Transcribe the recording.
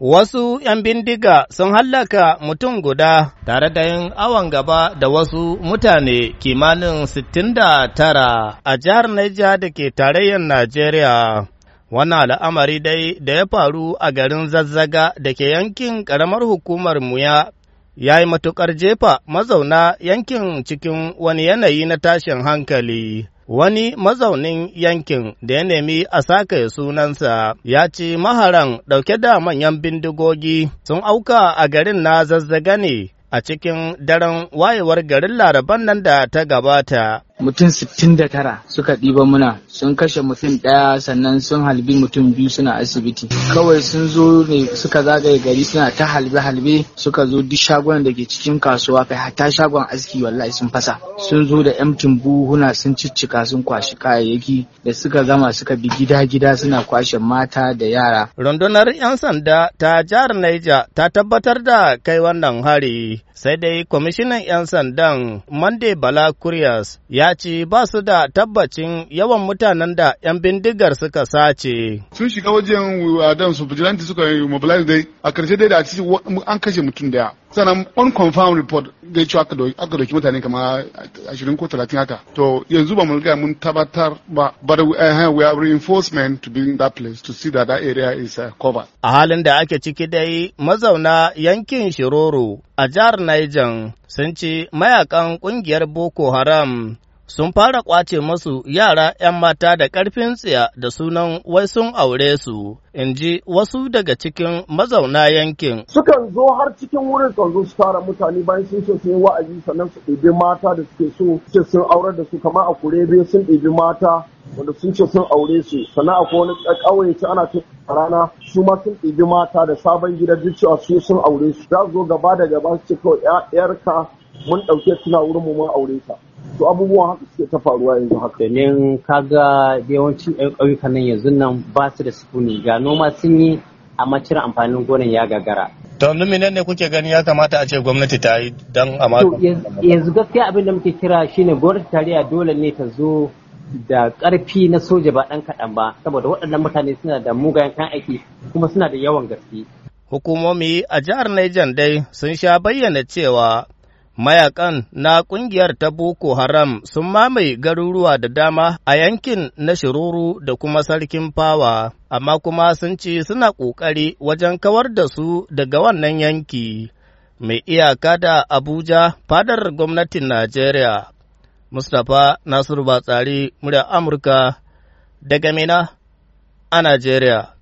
Wasu ‘yan bindiga sun hallaka mutum guda tare da yin awon gaba da wasu mutane kimanin 69 a jihar Niger da ke tarayyar Najeriya. Wannan al'amari dai da ya faru a garin zazzaga da ke yankin ƙaramar hukumar Muya ya yi matuƙar jefa mazauna yankin cikin wani yanayi na tashin hankali. wani mazaunin yankin da ya nemi a sake sunansa ya ci maharan ɗauke da manyan bindigogi sun auka a garin na zazzaga ne a cikin daren wayewar garin laraban nan da ta gabata mutum sittin da tara suka ɗiba muna sun kashe mutum ɗaya sannan sun halbi mutum biyu suna asibiti kawai sun zo ne suka zagaye gari suna ta halbe halbe suka zo duk shagon da ke cikin kasuwa kai hatta shagon aski wallahi sun fasa sun zo da yamkin buhuna sun ciccika sun kwashi kayayyaki da suka gama suka bi gida gida suna kwashe mata da yara rundunar yan sanda ta jihar Niger ta tabbatar da kai wannan hari sai dai kwamishinan yan sandan Monday Bala Kuriyas ya ce ba su da tabbacin yawan mutanen da 'yan bindigar suka sace. Sun shiga wajen wuradan uh, su vigilante suka yi mobilize dai a karshe dai da an kashe mutum daya. sannan unconfirmed report da cewa aka doki mutane kama uh, ashirin ko talatin haka to yanzu ba mu riga mun tabbatar ba but we, uh, are have reinforcement to be in that place to see that that area is covered a halin da ake ciki dai mazauna yankin shiroro a jihar Niger sun ce mayakan kungiyar Boko Haram sun fara ƙwace masu yara ‘yan mata da ƙarfin tsiya da sunan wai sun aure su, in ji wasu daga cikin mazauna yankin. Sukan zo har cikin wurin kan zo su tara mutane bayan sun ce sun yi wa'azi sannan su ɗebi mata da suke so ce sun aure da su kama a kurebe sun ɗebi mata wanda sun ce sun aure su sannan akwai wani ƙauye ce ana ce rana su ma sun ɗibi mata da sabon gida duk cewa su sun aure su za zo gaba da gaba su ce kawai ‘yarka mun ɗauke suna wurin mu mun aure ta. to abubuwan haka suke ta faruwa yanzu haka domin kaga yawancin ƴan ƙauyukan nan yanzu nan ba su da sukuni ga noma sun yi amma cire amfanin gonan ya gagara to menene ne kuke gani ya kamata a ce gwamnati ta yi don amma yanzu gaskiya abin da muke kira shine gwamnati tarayya dole ne ta zo da ƙarfi na soja ba ɗan kaɗan ba saboda waɗannan mutane suna da mugayen kan aiki kuma suna da yawan gaske hukumomi a jihar Niger dai sun sha bayyana cewa Mayakan na ƙungiyar ta Boko Haram sun mamaye garuruwa da dama a yankin na Shiruru da kuma Sarkin Fawa, amma kuma sun ce suna ƙoƙari wajen kawar da su daga wannan yanki. Mai iyaka da Abuja fadar gwamnatin Najeriya, Mustapha Nasiru Batsari, murya Amurka, daga Mina a Najeriya.